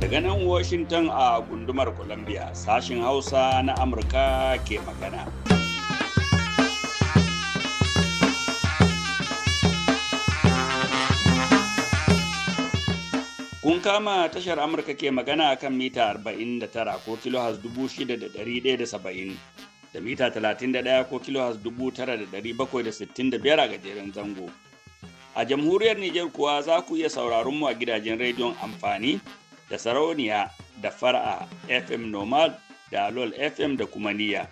Daga nan Washington a gundumar Columbia, sashin Hausa na Amurka ke magana. Kun kama tashar Amurka ke magana kan mita 49 ko kilo 6,170 da mita 31 ko da biyar a gajeren zango. A jamhuriyar Nijar kuwa za ku iya sauraron mu a gidajen rediyon amfani da sarauniya da far'a FM Nomad da Alol FM da kuma niyya.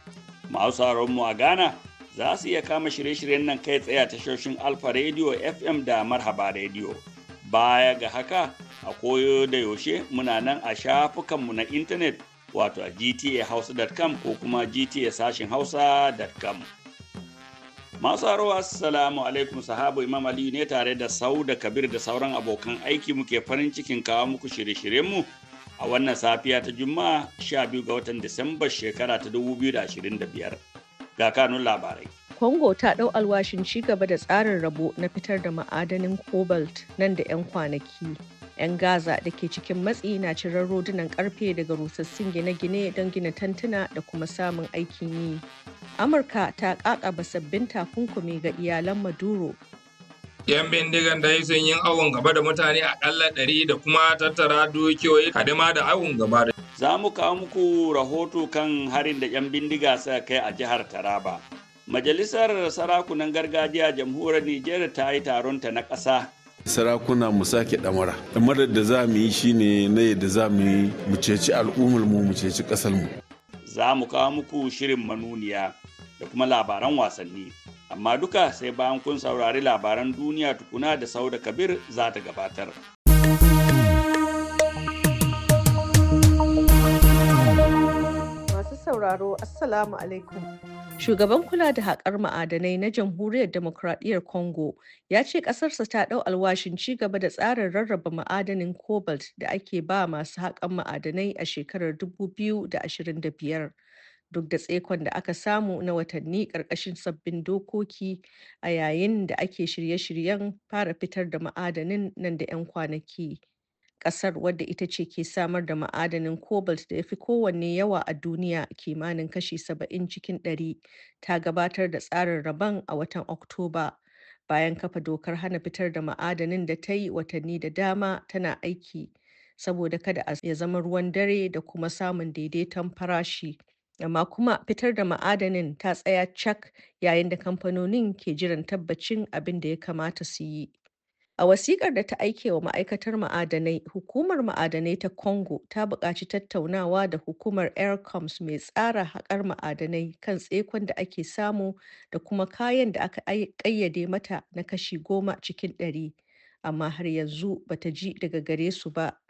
Masu sauraron mu a Ghana za su iya kama shirye-shiryen nan kai tsaye a tashoshin Alfa Radio FM da Marhaba Radio. Baya ga haka, a koyo da yaushe muna nan a shafukanmu na intanet wato a gtahausa.com ko kuma gta sashin hausa.com. Masu haro assalamu alaikum sahabu Imam Aliyu ne tare da sau da kabir da sauran abokan aiki muke farin cikin kawo muku shirye-shiryenmu a wannan safiya ta Juma'a 12 ga watan Disamba shekara ta 2025. Ga kanun labarai. kongo ta ɗau alwashin ci gaba da tsarin rabo na fitar da ma'adanin cobalt nan da 'yan kwanaki. 'yan gaza da ke cikin matsi na cirar rodunan karfe daga rusassun gine-gine don gina tantuna da kuma samun aikin yi amurka ta kakaba sabbin takunkumi ga iyalan maduro yan bindigan da sun yin awon gaba da mutane a akalla ɗari da kuma tattara dukiyoyi kadima da awon gaba da za mu kawo muku rahoto kan harin da yan bindiga suka kai a jihar taraba majalisar sarakunan gargajiya jamhuriyar nijar ta yi taronta na ƙasa sarakuna mu sake damara damarar da za mu yi shine na yadda za mu yi mu ceci al'ummar mu mu ceci kasar mu za mu kawo muku shirin manuniya da kuma labaran wasanni amma duka sai bayan kun saurari labaran duniya tukuna da sauda kabir za ta gabatar masu sauraro assalamu alaikum Shugaban kula da haƙar ma'adanai na Jamhuriyar Demokradiyyar Congo ya ce ƙasarsa ta ɗau alwashin ci gaba da tsarin rarraba ma'adanin cobalt da ake ba masu haƙan ma'adanai a shekarar 2025. Duk da tsekon da aka samu na watanni ƙarƙashin sabbin dokoki a yayin da ake shirye-shiryen fara fitar da ma'adanin nan da 'yan kwanaki. Ƙasar wadda ita ce ke samar da ma'adanin cobalt da ya fi kowanne yawa a duniya kimanin kashi 70 cikin 100 ta gabatar da tsarin rabon a watan Oktoba. Bayan kafa dokar hana fitar da ma'adanin da ta yi watanni da dama tana aiki saboda kada a ya zama ruwan dare da kuma samun daidaiton farashi. Amma kuma fitar da ma'adanin ta tsaya cak yayin da kamfanonin ke jiran tabbacin abin da ya kamata su yi. A wasiƙar da ta aike wa Ma'aikatar Ma'adanai, Hukumar Ma'adanai ta Congo ta buƙaci tattaunawa da Hukumar Aircoms mai tsara haƙar ma'adanai kan tsekon da ake samu da kuma kayan da aka ƙayyade mata na kashi goma cikin ɗari, amma har yanzu ba ta ji daga gare su ba.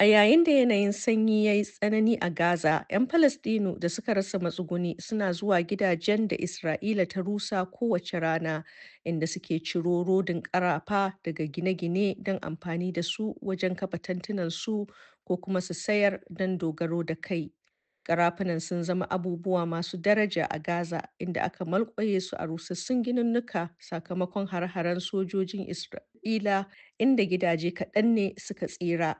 A yayin da yanayin sanyi ya yi tsanani a Gaza, 'yan Falasɗinu da suka rasa matsuguni suna zuwa gidajen da Isra'ila ta rusa kowace rana, inda suke ciro rodin ƙarafa daga gine-gine don amfani da su wajen kafa tantunansu ko kuma su sayar don dogaro da kai. Ƙarafunan sun zama abubuwa masu daraja a Gaza, inda aka malƙwaye su a rusassun ginunnuka sakamakon har-haren sojojin Isra'ila, inda gidaje kaɗan ne suka tsira.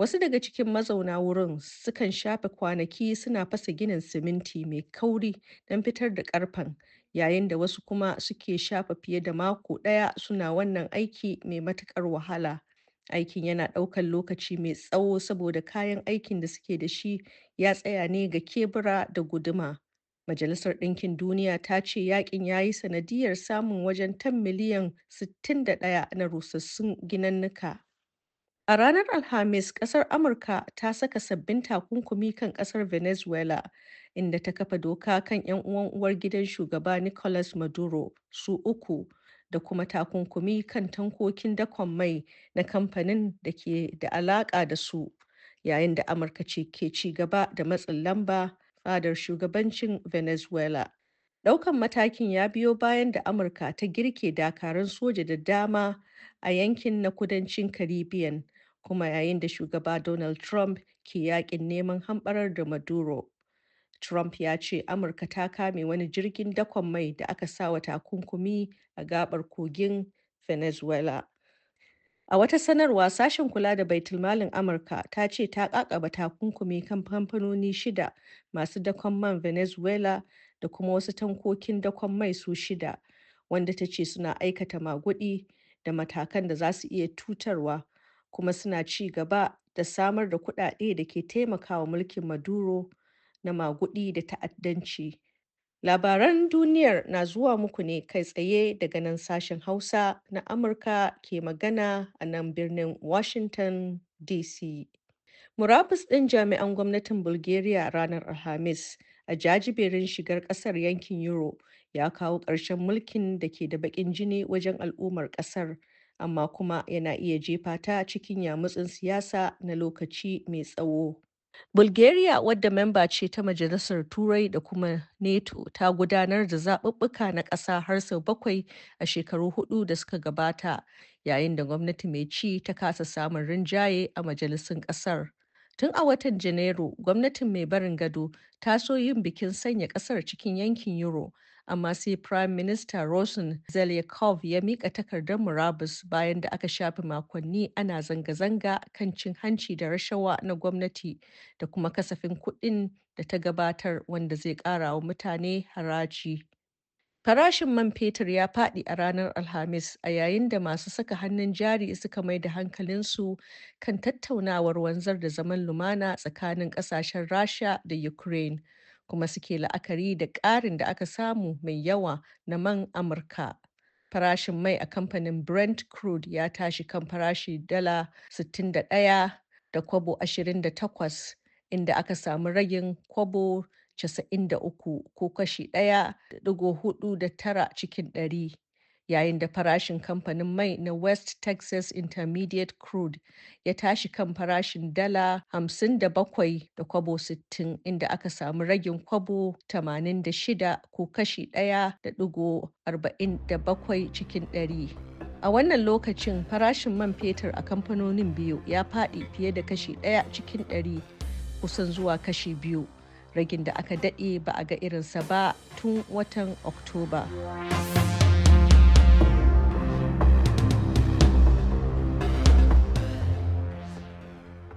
Wasu daga cikin mazauna wurin sukan shafe kwanaki suna fasa ginin siminti mai kauri don fitar da ƙarfen, yayin da wasu kuma suke shafe fiye da mako ɗaya suna wannan aiki mai matuƙar wahala. Aikin yana ɗaukar lokaci mai tsawo saboda kayan aikin da suke da shi ya tsaya ne ga kebura da guduma. Majalisar Ɗinkin Duniya ta ce yakin ya yi sanadiyar samun wajen tan miliyan 61 na rusassun ginannuka. A ranar Alhamis, ƙasar Amurka ta saka sabbin takunkumi kan ƙasar Venezuela, inda ta kafa doka kan 'yan uwan uwar gidan shugaba Nicolas Maduro su uku da kuma takunkumi kan tankokin dakon mai na kamfanin da ke da alaƙa da su, yayin da Amurka ce ke ci gaba da matsin lamba fadar shugabancin Venezuela. ɗaukan matakin ya biyo bayan da Amurka ta girke dakarun soja da dama a yankin na kudancin Caribbean kuma yayin da shugaba Donald Trump ke yakin neman hamɓarar da Maduro. Trump ya ce Amurka ta kame wani jirgin dakon mai da aka sawa takunkumi a gabar kogin Venezuela. A wata sanarwa sashen kula da baitulmalin Amurka ta ce ta kakaba takunkumi kan kamfanoni shida masu dakon man Venezuela da kuma wasu tankokin dakon mai su shida wanda ta ce suna aikata magudi da matakan da za su iya tutarwa kuma suna ci gaba da samar da kuɗaɗe da ke taimakawa mulkin Maduro na maguɗi da ta'addanci. Labaran duniyar na zuwa muku ne kai tsaye daga nan sashen Hausa na Amurka ke magana a nan birnin Washington DC. Murabus ɗin jami'an gwamnatin Bulgaria ranar Alhamis a jajiberin shigar ƙasar yankin Euro ya kawo ƙarshen mulkin da ke da baƙin jini wajen al'ummar ƙasar amma kuma yana iya jefa ta cikin yamutsin siyasa na lokaci mai tsawo. Bulgaria wadda memba ce ta Majalisar Turai da kuma NATO ta gudanar da zaɓuɓɓuka na ƙasa har sau bakwai a shekaru hudu da suka gabata yayin da gwamnati mai ci ta kasa samun rinjaye a majalisun ƙasar. Tun a watan Janairu, gwamnatin mai barin gado ta so yin bikin sanya ƙasar cikin yankin Euro amma sai Prime Minister Rosen Zelyakov ya mika takardar murabus bayan da aka shafe makonni ana zanga-zanga kan cin hanci da rashawa na gwamnati da kuma kasafin kuɗin da ta gabatar wanda zai ƙara wa mutane haraji. Farashin man fetur ya faɗi a ranar Alhamis a yayin da masu saka hannun jari suka mai da hankalinsu kan tattaunawar wanzar da zaman lumana tsakanin ƙasashen Rasha da Ukraine. kuma suke la'akari da ƙarin da aka samu mai yawa na man Amurka. Farashin mai a kamfanin Brent Crude ya tashi kan farashi dala 61 da kwabo 28 inda aka samu ragin kwabo 93 ko kashi 1.49 cikin ɗari. yayin da farashin kamfanin mai na West Texas Intermediate Crude ya tashi kan farashin dala 57 da kwabo 60 inda aka samu ragin kwabo 86 ko kashi 1.47 cikin 100. A wannan lokacin farashin man fetur a kamfanonin biyu ya faɗi fiye da kashi ɗaya cikin ɗari kusan zuwa kashi biyu. Ragin da aka daɗe ba a ga irinsa ba tun watan Oktoba.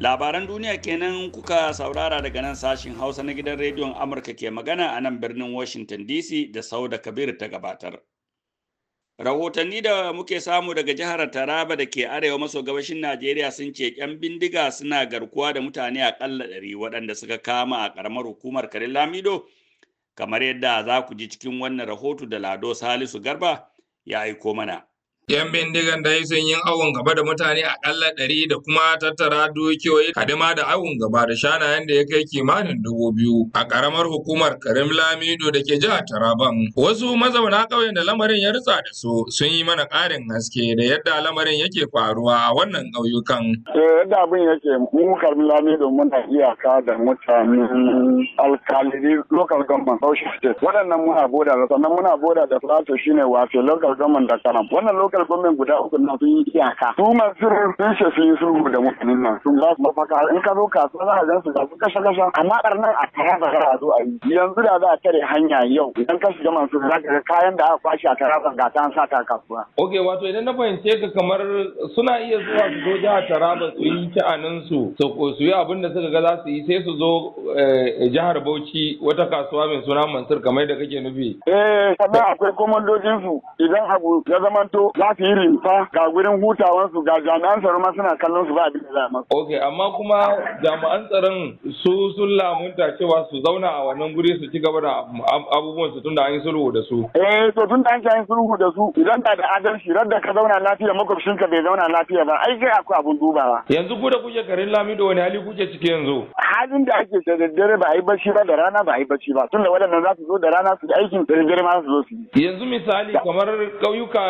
labaran duniya kenan kuka saurara daga nan sashin hausa na gidan rediyon amurka ke magana a nan birnin washington dc da sauda kabir ta gabatar rahotanni da muke samu daga jihar taraba da ke arewa maso gabashin najeriya sun ce yan bindiga suna garkuwa da mutane akalla ɗari waɗanda suka kama a ƙaramar hukumar karin lamido kamar yadda za ku ji cikin wannan rahoto da lado salisu garba ya aiko mana 'Yan bindigan dai sun yi awon gaba da mutane a akalla ɗari da kuma tattara dukiyoyi hadima da awon gaba da shanayen da ya kai kimanin dubu biyu a ƙaramar hukumar Karim Lamido da ke jihar Taraban. Wasu mazauna ƙauyen da lamarin ya rutsa da su sun yi mana ƙarin haske da yadda lamarin yake faruwa a wannan ƙauyukan. Eh, yadda abin yake mu Karim Lamido muna iyaka da mutanen alkaliri local government social State. Waɗannan muna boda sannan muna boda da Plateau shine wato local government da Karam. Wannan lokal men guda uku nan sun yi iyaka su masu sun ce sun yi sulhu da mutanen nan sun za su mafaka in ka zo kasuwa za a gan su ga su kashe amma nan a tara ba za a zo a yi yanzu da za a tare hanya yau idan ka shiga masu za ka ga kayan da aka kwashe a ban ga ta an sa ta kasuwa. ok wato idan na fahimce ka kamar suna iya zuwa su zo jihar taraba su yi sha'anin su su yi abin da suka ga za su yi sai su zo eh, jihar bauchi wata kasuwa mai suna mansur kamar da kake nufi. eh sannan akwai komandojin su idan abu ya zamanto za su yi rinfa ga gurin hutawansu ga jami'an tsaro ma suna kallon su ba abin da za a Ok, amma kuma jami'an tsaron su sun lamunta cewa su zauna a wannan guri su ci gaba da abubuwan su tunda an yi sulhu da su. Eh, to da an yi sulhu da su idan ka da adalci radda ka zauna lafiya ka bai zauna lafiya ba ai kai akwai abun dubawa. Yanzu ku da kuke garin Lamido wani hali kuke ciki yanzu? Halin da ake da daddare ba a yi bacci ba da rana ba a yi bacci ba tunda waɗannan za su zo da rana su da aikin da daddare ma su zo su yi. Yanzu misali kamar ƙauyuka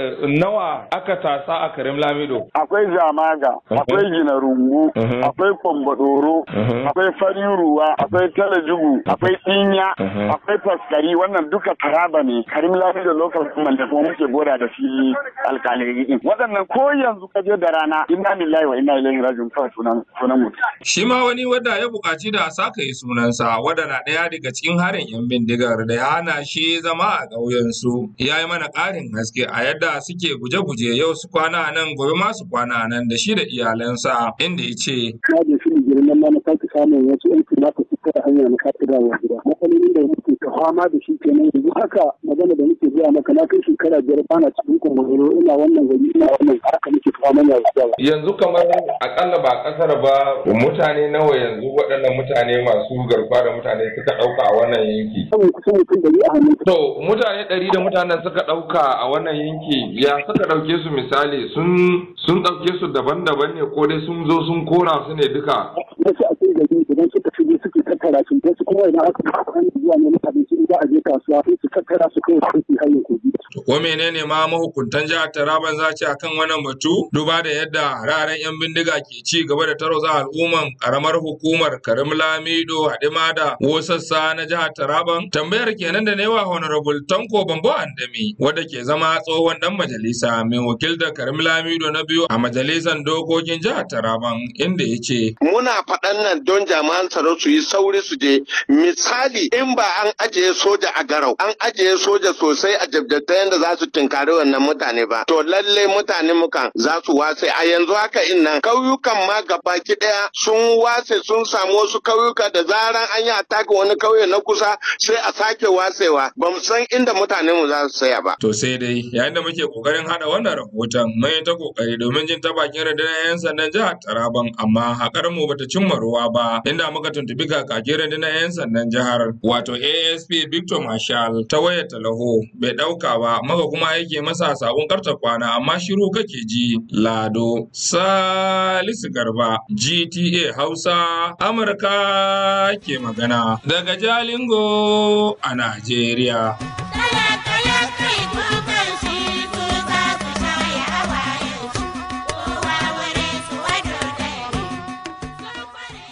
eh, nawa aka tasa a karim lamido akwai zamaga, mhm. akwai rungu, mhm. akwai kwambadoro mhm. akwai farin ruwa akwai talajugu akwai tsinya akwai faskari wannan duka taraba ne karim lamido local government da kuma muke bora da shi alkalai waɗannan ko yanzu ka je da rana inna lillahi wa inna ilaihi rajiun kawai sunan sunan shi ma wani wanda ya buƙaci da a saka yi sunansa wanda na ɗaya daga cikin harin yan bindigar da ya hana shi zama a ƙauyensu ya yi mana ƙarin haske a yadda suke guje-guje yau su kwana nan gobe ma su kwana nan da shi da iyalansa inda ya ce. Kaje shi girman ma na samun wasu 'yan kuma kada hanya na sake dawowa gida matsalolin da muke ta fama da shi kenan yanzu haka magana da muke zuwa maka na kai shekara biyar bana cikin kumburo ina wannan gari ina wannan haka muke fama na yanzu yanzu kamar akalla ba kasar ba mutane nawa yanzu waɗannan mutane masu garba da mutane suka ɗauka a wannan yanki saboda kusan mutum ɗari a hannun to mutane ɗari da mutanen suka ɗauka a wannan yanki ya suka ɗauke su misali sun sun ɗauke su daban-daban ne ko dai sun zo sun kora su ne duka wasu a cikin gari idan suka shige suke tattara su wasu kuma idan aka kan zuwa ne mutane su za a je kasuwa sai su tattara su kawai su hanyar kogi. Ko menene ma mahukuntan jihar Taraban za ce akan wannan batu duba da yadda raren yan bindiga ke ci gaba da tarwatsa al'umman karamar hukumar Karim Lamido Hadima da wosassa na jihar Taraban tambayar kenan da newa Honorable Tanko Bambo Andami wanda ke zama tsohon dan majalisa mai da Karim Lamido na biyu a majalisan dokokin jihar Taraban inda yace. ce muna faɗan nan don jama'an tsaro su yi sau sauri su je misali in ba an ajiye soja a garau an ajiye soja sosai a jabdata yadda za su tinkari wannan mutane ba to lallai mutane mukan za su wase, a yanzu haka in nan kauyukan ma ki daya sun wase, sun samu wasu kauyuka da zaran an yi taki wani kauye na kusa sai a sake wasewa, ba mu san inda mutane mu za su saya ba to sai dai yayin da muke kokarin hada wannan rahoton mai ta kokari domin jin ta bakin rundunar yan sandan jihar Taraban amma hakar mu bata cimma ruwa ba inda muka tuntubi kaka kakakin na 'yan sandan jihar wato asp victor marshal ta wayar talaho bai ɗauka ba maka kuma yake masa sabon karta kwana amma shiru kake ji lado salisu garba gta hausa amurka ke magana daga jalingo a najeriya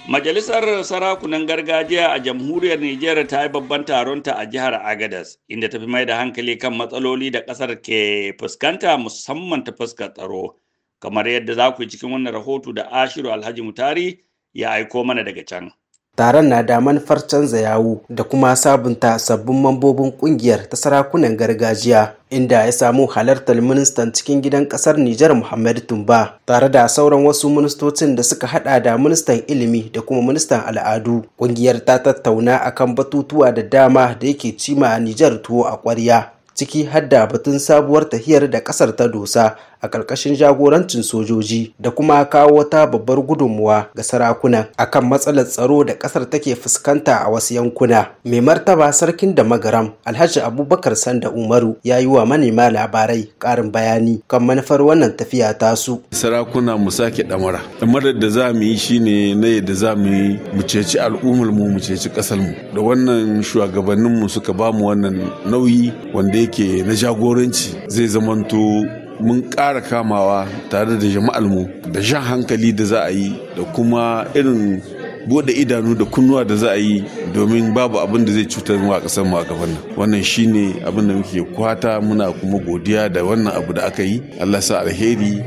Majalisar sarakunan gargajiya a jamhuriyar Nijar ta yi babban taronta a jihar Agadas, inda ta fi mai da hankali kan matsaloli da ƙasar ke fuskanta musamman ta fuska tsaro, kamar yadda za ku yi cikin wannan rahoto da Ashiru Alhaji Mutari ya aiko mana daga can. taron na da manufar canza yawu da kuma sabunta sabbin mambobin kungiyar ta sarakunan gargajiya inda ya samu halartar ministan cikin gidan kasar Nijar Muhammadu Tumba tare da sauran wasu ministocin da suka hada da ministan ilimi da kuma ministan al'adu. Kungiyar ta tattauna akan batutuwa da dama da yake cima Nijar tuwo a ƙwarya ciki har da batun sabuwar tahiyar da kasar ta dosa a ƙarƙashin jagorancin sojoji da kuma kawo wata babbar gudunmuwa ga sarakuna akan matsalar tsaro da ƙasar take fuskanta a wasu yankuna. Mai martaba sarkin da magaram Alhaji Abubakar Sanda Umaru ya yi wa manema labarai ƙarin bayani kan manufar wannan tafiya tasu. Sarakuna mu sake ɗamara. Ɗamarar da za mu yi shine na yadda za mu yi mu ceci al'ummar mu mu ceci ƙasar mu. Da wannan shugabanninmu suka ba mu wannan nauyi wanda yake na jagoranci zai zamanto mun ƙara kamawa tare da jama'ar mu da shan hankali da za a yi da kuma irin bude idanu da kunnuwa da za a yi domin babu abin da zai cutar mu a ƙasar mu a gaban nan wannan shine abin da muke kwata muna kuma godiya da wannan abu da aka yi Allah sa alheri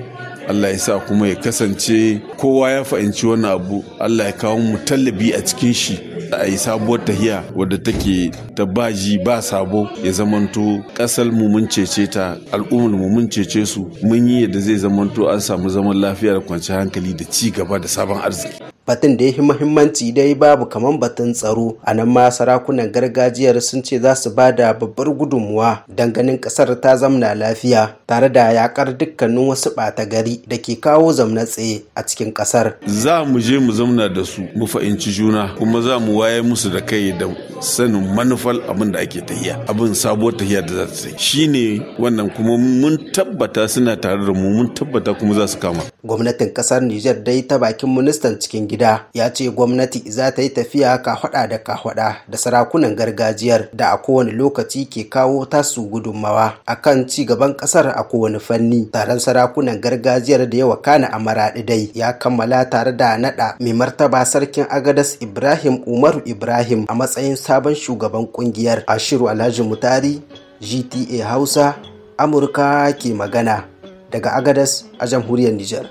Allah ya sa kuma ya kasance kowa ya fahimci wannan abu Allah ya kawo mu tallabi a cikin shi a yi sabuwar tahiya wadda take ta baji ba sabo ya zamanto kasar mu mun cece ta al'ummar mu mun cece su mun yi yadda zai zamanto an samu zaman lafiya da kwanciyar hankali da ci gaba da sabon arziki batun da ya fi muhimmanci dai babu kamar batun tsaro a nan ma sarakunan gargajiyar sun ce za su ba da babbar gudunmuwa don ganin ƙasar ta zamna lafiya tare da yakar dukkanin wasu ɓata gari da ke kawo zamna tsaye a cikin kasar za mu je mu zamna da su mu fahimci juna kuma za mu waye musu da kai da sanin manufar abin da ake tahiya abin sabuwar tahiya da za ta yi shine wannan kuma mun tabbata suna tare da mu mun tabbata kuma za su kama gwamnatin kasar Nijar dai ta bakin ministan cikin gida ya ce gwamnati za ta yi tafiya kafaɗa da kafaɗa da sarakunan gargajiyar da a kowane lokaci ke kawo tasu gudunmawa akan ci gaban ƙasar a kowane fanni taron sarakunan gargajiyar da yawa kana a maraɗi dai ya kammala tare da naɗa mai martaba sarkin agadas ibrahim umaru ibrahim a matsayin sabon shugaban ƙungiyar ashiru alhaji mutari gta hausa amurka ke magana daga agadas a jamhuriyar niger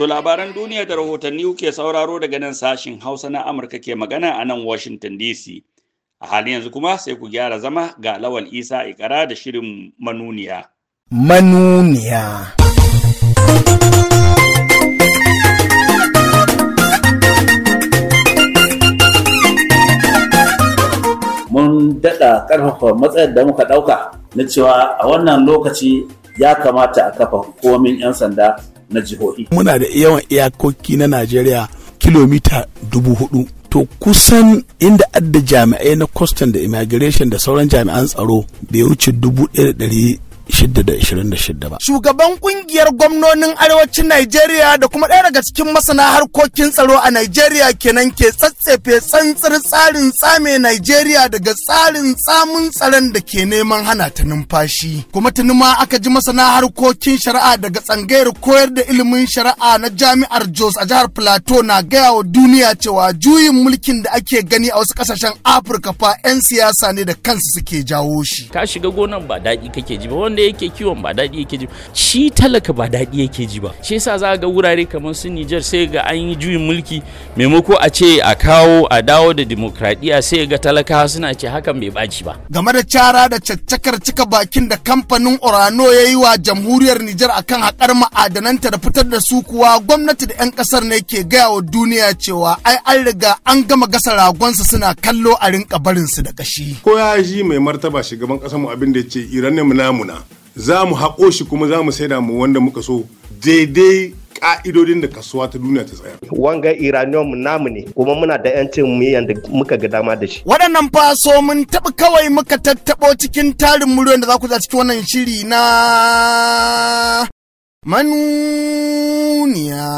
To labaran duniya da rahotanni uke sauraro daga nan sashin Hausa na Amurka ke magana a nan Washington DC. A halin yanzu kuma sai ku gyara zama ga Lawal Isa Ikara da shirin Manuniya. Manuniya. Mun daɗa ƙarfafa matsayar da muka ɗauka na cewa a wannan lokaci ya kamata a kafa hukumomin 'yan sanda na jihohi. Muna da yawan iyakoki na Najeriya kilomita dubu hudu. To kusan inda adda jami'ai na Kwastan da immigration da sauran jami'an tsaro bai wuce dubu ɗaya da ɗari 626 ba. Shugaban kungiyar gwamnonin arewacin Najeriya da kuma ɗaya daga cikin masana harkokin tsaro a Najeriya kenan ke tsatsefe tsantsar tsarin tsame Najeriya daga tsarin tsamin tsaron da ke neman hana ta numfashi. Kuma tuni ma aka ji masana harkokin shari'a daga tsangayar koyar da ilimin shari'a na jami'ar Jos a jihar Plateau na gaya wa duniya cewa juyin mulkin da ake gani a wasu ƙasashen Afirka fa 'yan siyasa ne da kansu suke jawo shi. Ka shiga gonan ba daɗi kake ji ba wanda wanda yake kiwon ba daɗi yake ji shi talaka ba daɗi yake ji ba shi yasa za ga wurare kamar su Nijar sai ga an yi juyin mulki maimako a ce a kawo a dawo da demokradiya sai ga talaka suna ce hakan bai baci ba game da cara da caccakar cika bakin da kamfanin Orano ya yi wa jamhuriyar Nijar akan hakar ma'adananta da fitar da su kuwa gwamnati da 'yan ƙasar ne ke gaya wa duniya cewa ai an riga an gama gasa ragonsa suna kallo a rinka barinsu da kashi. Ko ya ji mai martaba shugaban ƙasar mu abin da ya ce Iran ne munamuna za mu haƙo shi kuma za mu saida mu wanda muka so daidai ka'idodin da kasuwa ta duniya ta tsaya. Wanga Iranium namu ne kuma muna da 'yancin mu da muka ga dama da shi. Waɗannan fa so mun taɓa kawai muka tattaɓo cikin tarin muryoyin da za ku za cikin wannan shiri na manuniya.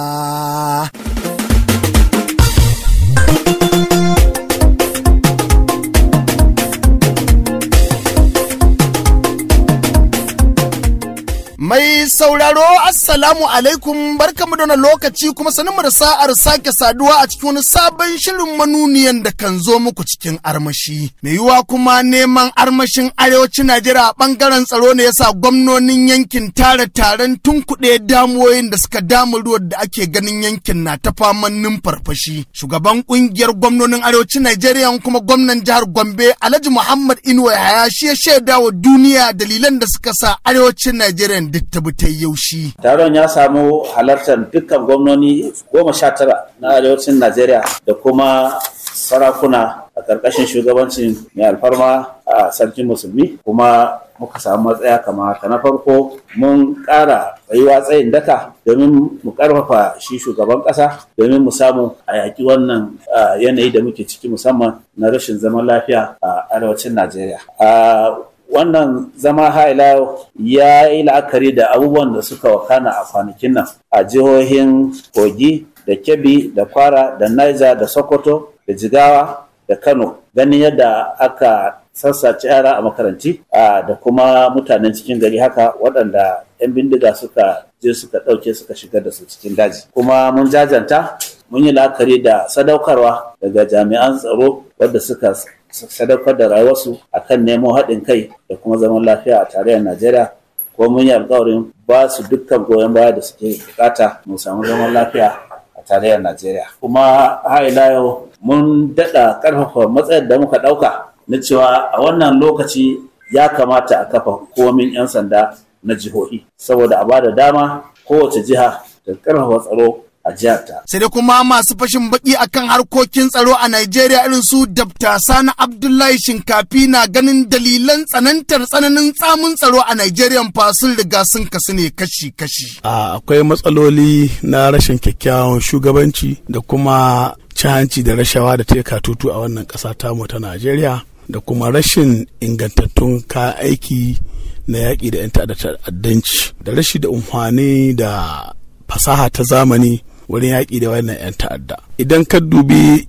Mai sauraro Assalamu alaikum barkamu da lokaci kuma sanin da sa'ar sake saduwa a cikin wani sabon shirin manuniyan da kan zo muku cikin armashi. Mai yiwuwa kuma neman armashin arewacin Najeriya a bangaren tsaro ne yasa gwamnonin yankin tara taron tunkuɗe damuwoyin da suka damu ruwan da ake ganin yankin na ta faman numfarfashi. Shugaban ƙungiyar gwamnonin arewacin Najeriya kuma gwamnan jihar Gombe Alhaji Muhammad Inuwa Hayashi ya shaida wa duniya dalilan da suka sa arewacin Najeriya gwamnati Taron ya samu halartar dukkan gwamnoni goma sha tara na arewacin Najeriya da kuma sarakuna a ƙarƙashin shugabancin mai alfarma a sarkin musulmi kuma muka samu matsaya kama haka na farko mun ƙara tsayuwa tsayin daka domin mu ƙarfafa shi shugaban ƙasa domin mu samu a yaƙi wannan yanayi da muke ciki musamman na rashin zaman lafiya a arewacin najeriya wannan zama haila ya yi la'akari da abubuwan da suka wakana a kwanakin nan a jihohin kogi da kebbi da kwara da niger da sokoto da jigawa da kano ganin yadda aka sassace yara a makaranti da kuma mutanen cikin gari haka waɗanda 'yan bindiga suka je suka ɗauke suka shigar da su cikin daji kuma mun jajanta mun yi la'akari da sadaukarwa daga jami'an tsaro wadda suka sadaukar da rayuwarsu a kan nemo haɗin kai da kuma zaman lafiya a tarayyar najeriya ko mun yi alkawarin ba su dukkan goyon baya da suke bukata mu samu zaman lafiya a tarayyar najeriya kuma har ila yau mun daɗa ƙarfafa matsayar da muka ɗauka na cewa a wannan lokaci ya kamata a kafa komin 'yan sanda na jihohi saboda a ba da dama kowace jiha da ƙarfafa tsaro a jihata. Sai dai kuma masu fashin baki akan harkokin tsaro a Najeriya irin su Dabta Sani Abdullahi Shinkafi na ganin dalilan tsanantar tsananin tsamun tsaro a Najeriya fa sun riga sun kasu ne kashi-kashi. Akwai matsaloli na rashin kyakkyawan shugabanci da kuma cihanci da rashawa da ta tutu a wannan ƙasa tamu ta Najeriya da kuma rashin ingantattun kayan aiki na yaƙi da 'yan ta'addanci da rashi da umfani da fasaha ta zamani wurin yaƙi da wannan 'yan ta'adda idan ka dubi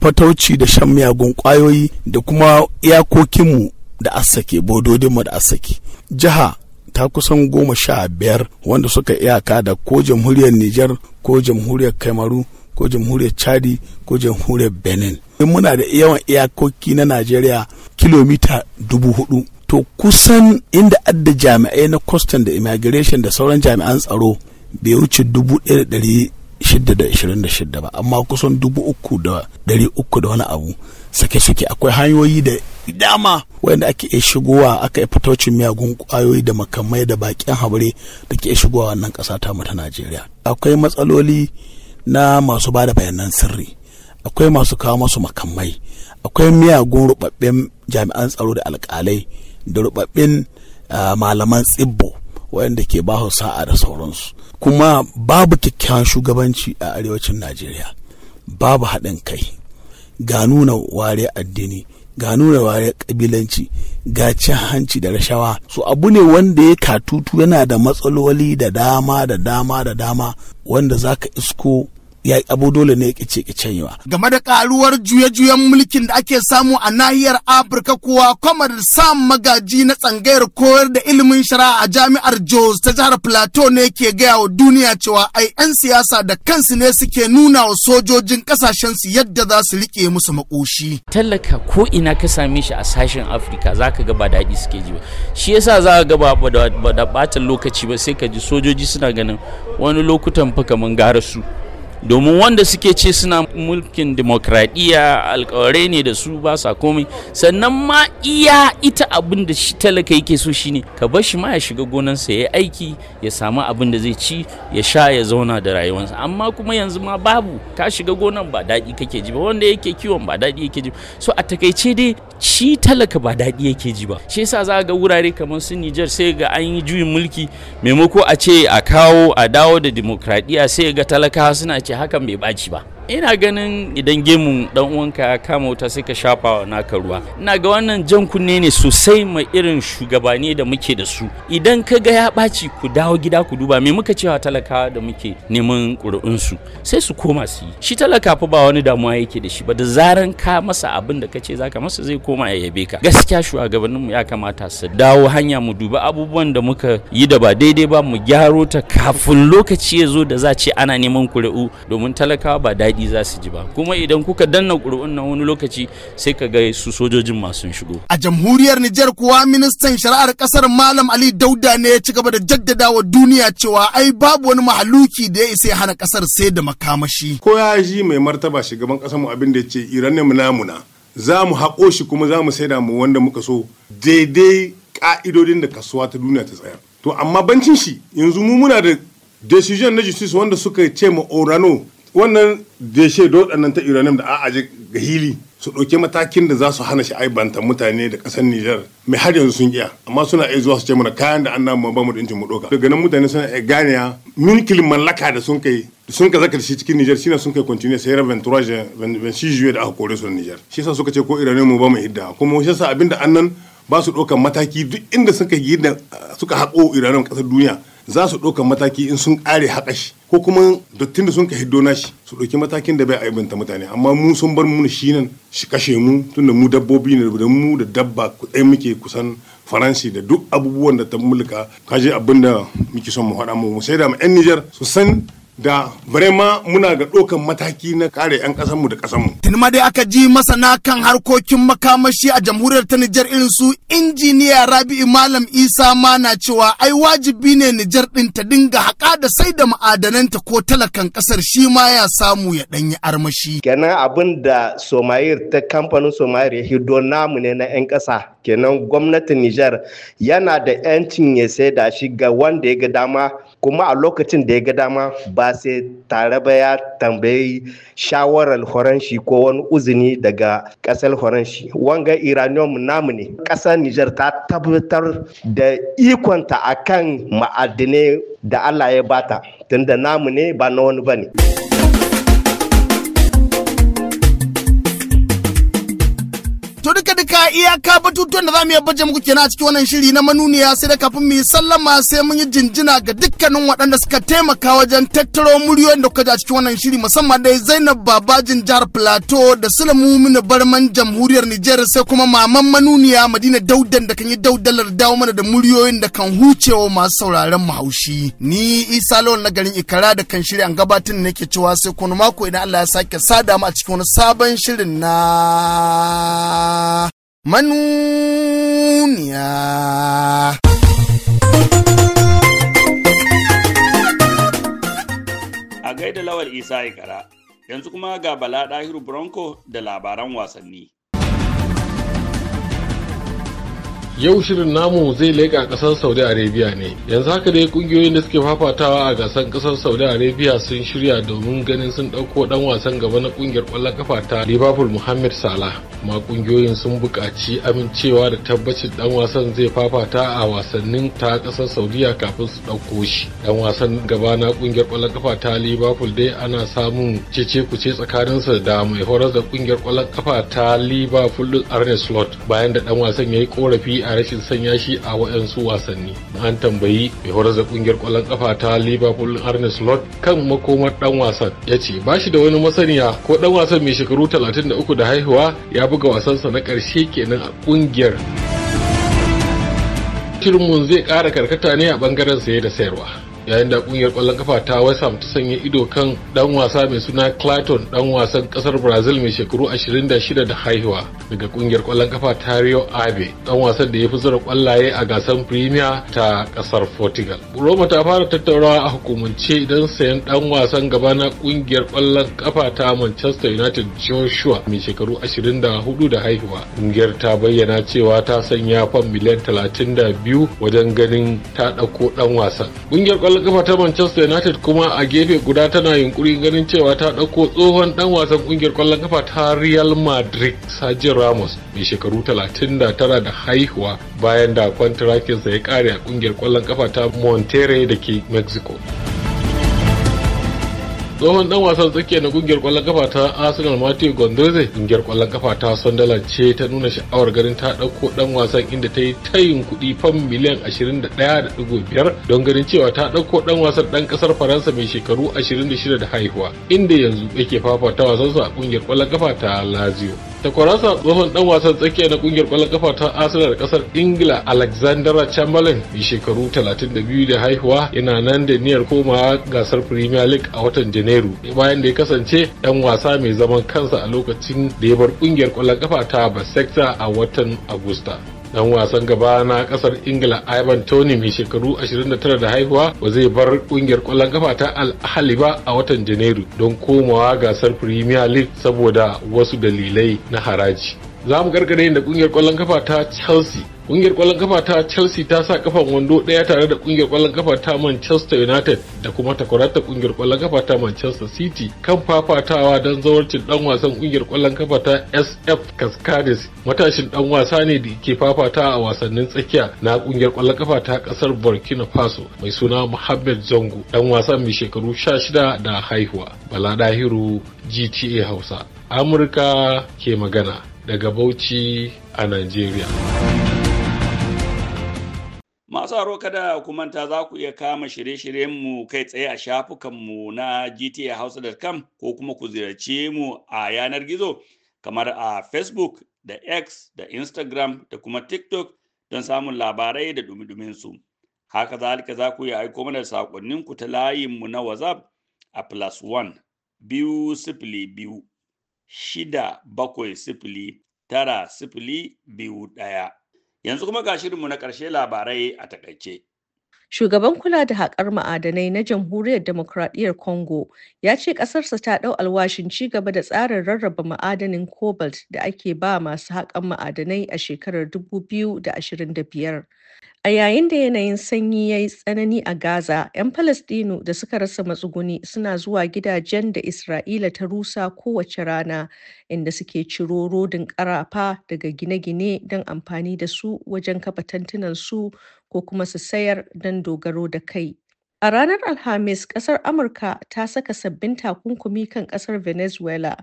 fatauci da shan miyagun kwayoyi da kuma iyakokinmu da asake bododinmu da asake jiha ta kusan goma sha biyar wanda suka iyaka da ko jamhuriyar niger ko jamhuriyar kamaru ko jamhuriyar chadi ko jamhuriyar benin in muna da yawan iyakoki na najeriya kilomita dubu hudu to kusan inda adda jami'ai na custom da immigration da sauran jami'an tsaro bai wuce dubu ɗaya da shidda da ishirin da shidda ba amma kusan dubu uku da dari uku da wani abu sake-sake akwai hanyoyi da dama wanda ake iya shigowa aka fitocin miyagun kwayoyi da makamai da bakin habre da ke shigowa wannan kasa ta mu ta najeriya akwai matsaloli na masu bada bayanan sirri akwai masu kawo masu makamai akwai miyagun rubabbin jami'an tsaro da alkalai da rubabbin ah, malaman tsibbo wanda ke ba sa'a da sauransu kuma babu kyakkyawan shugabanci a arewacin najeriya babu haɗin kai ga nuna ware addini ga nuna ware kabilanci ga cin hanci da rashawa su abu ne wanda ya katutu yana da matsaloli da dama da dama da dama wanda za ka isko ya yi abu dole ne kice kicen yawa. Game da karuwar juye-juyen mulkin da ake samu a nahiyar Afirka kuwa kwamar Sam Magaji na tsangayar koyar da ilimin shari'a a jami'ar Jos ta jihar Plateau ne ke gaya wa duniya cewa ai 'yan siyasa da kansu ne suke nuna wa sojojin kasashen su yadda za su rike musu makoshi. Tallaka ko ina ka same shi a sashen Afirka za ka ga ba daɗi suke ji ba. Shi yasa za ka ga ba da ɓata lokaci ba sai ka ji sojoji suna ganin wani lokutan fa kamar gara su. domin wanda suke ce suna mulkin demokradiyya alkawarai ne da su ba sa komai sannan ma iya ita abin da shi talaka yake so shine ka bar shi ma ya shiga gonansa ya yi aiki ya samu abin da zai ci ya sha ya zauna da rayuwarsa amma kuma yanzu ma babu ka shiga gonan ba daɗi kake ji ba wanda yake kiwon ba daɗi yake ji so a takaice dai shi talaka ba daɗi yake ji ba shi yasa za ga wurare kamar su Nijar sai ga an yi juyin mulki maimako a ce a kawo a dawo da demokradiyya sai ga talaka suna ce hakan bai ɓaci ba ina ganin idan gemun dan uwanka ya kama wuta sai ka shafa wa naka ruwa ina ga wannan jan kunne ne sosai ma irin shugabanni da muke da su idan ka ga ya baci ku dawo gida ku duba me muka cewa talakawa da muke neman ƙuri'unsu sai su koma su yi shi talaka fa ba wani damuwa yake da shi ba da zaran ka masa abin da ka ce zaka masa zai koma ya yabe ka gaskiya shugabanninmu ya kamata su dawo hanya mu duba abubuwan da muka yi da ba daidai ba mu gyaro ta kafin lokaci ya zo da za ce ana neman ƙuri'u domin talakawa ba daɗi daɗi za su ji ba kuma idan kuka danna ƙuri'un nan wani lokaci sai ka ga su sojojin masu shigo a jamhuriyar Nijar kuwa ministan shari'ar ƙasar Malam Ali Dauda ne ya ci gaba da jaddada wa duniya cewa ai babu wani mahaluki da ya isa hana ƙasar sai da makamashi ko ya ji mai martaba shugaban ƙasar mu abin da ya ce Iran ne munamuna za mu haƙo shi kuma za mu saida mu wanda muka so daidai ƙa'idodin da kasuwa ta duniya ta tsaya. to amma bancin shi yanzu mu muna da decision na justice wanda suka ce ma orano wannan da da waɗannan ta iranim da aji ga hili su ɗauki matakin da za su hana shi aibanta mutane da ƙasar Nijar mai har yanzu sun iya amma suna iya zuwa su ce mana kayan da an namu ba mu da mu ɗauka daga nan mutane suna iya ganiya milkin mallaka da sun kai da sun ka zaka cikin Nijar shine sun kai continue sai ran 23 26 juye da aka kore su Nijar shi yasa suka ce ko iranim mu ba mu hidda kuma shi yasa abinda annan ba su ɗaukan mataki duk inda suka yi da suka haƙo iranium ƙasar duniya za su ɗauka mataki in sun ƙare haƙa shi ko kuma dattin da sun ka hiddo na shi su ɗauki matakin da bai aibanta mutane amma mu sun bar mu shi nan shi kashe mu da mu dabbobi ne da mu da dabba kuɗai muke kusan faransi da duk abubuwan da ta mulka kaje abin da muke son mu faɗa mu sai da mu 'yan Nijar su san da barema muna ga ɗaukan mataki na kare 'yan ƙasanmu da ƙasanmu. Tuni ma dai aka ji masana kan harkokin makamashi a jamhuriyar ta Nijar irin su injiniya Rabi'u Malam Isa ma na cewa ai wajibi ne Nijar ɗin ta dinga haƙa da sai da ma'adananta ko talakan ƙasar shi ma ya samu ya ɗanyi armashi. Kenan abin da Somayir ta kamfanin Somayir ya hido namu ne na 'yan ƙasa. Kenan gwamnatin Nijar yana da 'yancin ya sai da shi ga wanda ya ga dama kuma a lokacin da ya ga dama ba sai tare ba ya tambayi shawarar horanshi ko wani uzini daga ƙasar horanshi wanga iranium namu ne ƙasar nijar ta tabbatar da ikonta akan ma'adinai da allah ya bata tunda namu ne ba na wani ba ne. haka iyaka batutuwan da za mu iya baje muku kenan a cikin wannan shiri na manuniya sai da kafin mu yi sallama sai mun yi jinjina ga dukkanin waɗanda suka taimaka wajen tattaro muryoyin da kuka ji a cikin wannan shiri musamman dai Zainab Babajin jihar Plateau da Sulemu Muminu Barman jamhuriyar Nijar sai kuma maman manuniya Madina Daudan da kan yi daudalar dawo mana da muryoyin da kan hucewa masu sauraron mu haushi ni Isa Lawal na garin Ikara da kan shiri an gabatar nake cewa sai kuma mako idan Allah ya sake sada mu a cikin wani sabon shirin na manuniya. A gaida Lawal Isa Ikara, yanzu kuma ga Bala Ɗahiru Bronco da labaran wasanni. yau shirin namu zai leƙa ƙasar saudi arabia ne yanzu haka dai kungiyoyin da suke fafatawa a gasar ƙasar saudi arabia sun shirya domin ganin sun ɗauko ɗan wasan gaba na ƙungiyar ƙwallon ƙafa ta liverpool muhammad salah ma kungiyoyin sun buƙaci amincewa da tabbacin ɗan wasan zai fafata a wasannin ta ƙasar saudiya kafin su ɗauko shi ɗan wasan gaba na ƙungiyar ƙwallon ƙafa ta liverpool dai ana samun cece kuce tsakaninsa da mai horar da ƙungiyar ƙwallon ƙafa ta liverpool arne slot bayan da ɗan wasan ya yi ƙorafi a rashin sanya shi a waɗansu wasanni an tambayi mai horar da kungiyar kwallon kafa ta liverpool arnes lord kan makomar dan wasan ya ce ba shi da wani masaniya ko dan wasan mai shekaru 33 da haihuwa ya buga wasansa na ƙarshe kenan a kungiyar mun zai ƙara karkata ne a ɓangaren saye da sayarwa yayin da kungiyar kwallon kafa ta West Ham ta sanya ido kan dan wasa mai suna Clayton dan wasan kasar Brazil mai shekaru 26 da haihuwa daga kungiyar kwallon kafa ta Rio Ave dan wasan da ya fi zura kwallaye a gasar Premier ta kasar Portugal. Roma ta fara tattaunawa a hukumance idan sayan dan wasan gaba na kungiyar kwallon kafa ta Manchester United Joshua mai shekaru 24 da haihuwa. Kungiyar ta bayyana cewa ta sanya fam miliyan 32 wajen ganin ta ɗauko dan wasan. Kungiyar kwallon kwallon kafa ta Manchester United kuma a gefe guda tana yunkuri ganin cewa ta ɗauko tsohon ɗan wasan ƙungiyar kwallon kafa ta Real Madrid Sergio Ramos mai shekaru 39 da haihuwa bayan da kwantarakinsa ya ƙare a ƙungiyar kwallon kafa ta Monterrey da ke Mexico. tsohon dan wasan tsakiya na kungiyar kwallon kafa ta arsenal matthew gondoze kungiyar kwallon kafa ta sunderland ce ta nuna sha'awar ganin ta dauko dan wasan inda ta yi tayin kuɗi fam miliyan 21.5 don ganin cewa ta ɗauko dan wasan dan kasar faransa mai shekaru 26 da haihuwa inda yanzu yake fafata wasansa a kungiyar kwallon kafa ta lazio takwarasa tsohon dan wasan tsakiya na kungiyar kwallon kafa ta arsenal kasar ingila alexandra chamberlain mai shekaru 32 da haihuwa yana nan da niyyar komawa gasar premier league a watan janairu janeiro bayan da ya kasance dan wasa mai zaman kansa a lokacin da ya bar kungiyar kwallon kafa ta Basecta a watan Agusta. dan wasan gaba na kasar ingila ivan tony mai shekaru 29 da haihuwa ba zai bar kungiyar kwallon kafa ta al ba a watan janairu don komawa gasar premier league saboda wasu dalilai na haraji za mu gargare da kungiyar kwallon kafa ta chelsea Kungiyar kwallon kafa ta Chelsea ta sa kafan wando ɗaya tare da kungiyar kwallon kafa ta Manchester United da kuma takwarata kungiyar kwallon kafa ta Manchester City kan fafatawa don zawarcin dan wasan kungiyar kwallon kafa ta SF Cascades. Matashin dan wasa ne da ke fafata a wasannin tsakiya na kungiyar kwallon kafa ta kasar Burkina Faso mai suna muhammed Zongo dan wasan mai shekaru sha shida da haihuwa. Bala Dahiru GTA Hausa. Amurka ke magana daga Bauchi a Najeriya. Masu aro kada ku manta za ku iya kama shirye-shiryenmu kai tsaye a shafukanmu na gtahouse.com ko kuma ku ziyarci mu a yanar gizo kamar a Facebook da X da Instagram da kuma TikTok don samun labarai da dumi su. Haka zalika za ku iya aiko mana saƙonninku ta layinmu na WhatsApp a plus 1 biyu sifili biyu shida bakwai sifili tara sifili biyu ɗaya. Yanzu kuma ga shirinmu na ƙarshe labarai a takaice. Shugaban kula da haƙar ma'adanai na Jamhuriyar Demokuraɗiyyar Congo ya ce ƙasarsa ta ɗau alwashin ci gaba da tsarin rarraba ma'adanin cobalt da ake ba masu haƙan ma'adanai a shekarar 2025. A yayin da yanayin sanyi ya yi tsanani a Gaza, ‘yan Falasɗinu da suka rasa matsuguni suna zuwa gidajen da Isra'ila ta rusa kowace rana, inda suke ciro rodin ƙarafa daga gine-gine don amfani da su wajen kafa tantunansu ko kuma su sayar don dogaro da kai. A ranar Alhamis, ƙasar Amurka ta saka sabbin takunkumi kan ƙasar Venezuela,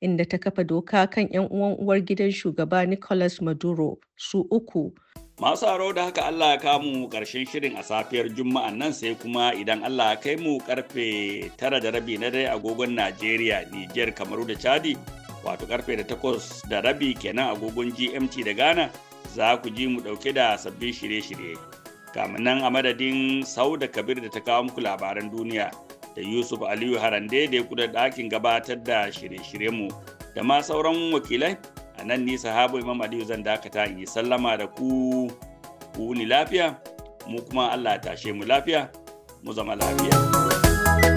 inda ta kafa doka kan 'yan uwan uwar gidan shugaba Nicolas Maduro, su uku. Masu aro da haka Allah ya kamu ƙarshen shirin a safiyar Juma'a nan sai kuma idan Allah ya kai mu karfe tara da rabi na dai agogon Najeriya, Nijar, Kamaru da Chadi, wato karfe da takwas da rabi kenan agogon GMT da Ghana za ku ji mu ɗauke da sabbin shirye-shirye. Kamin nan a madadin Sau da Kabir da ta kawo muku labaran duniya da Yusuf Aliyu Harande da ya kuda ɗakin gabatar da shirye shiryenmu da ma sauran wakilai a nan ni sahabu imam aliyu zan dakata in yi sallama da ku ku ni lafiya mu kuma allah tashe mu lafiya mu zama lafiya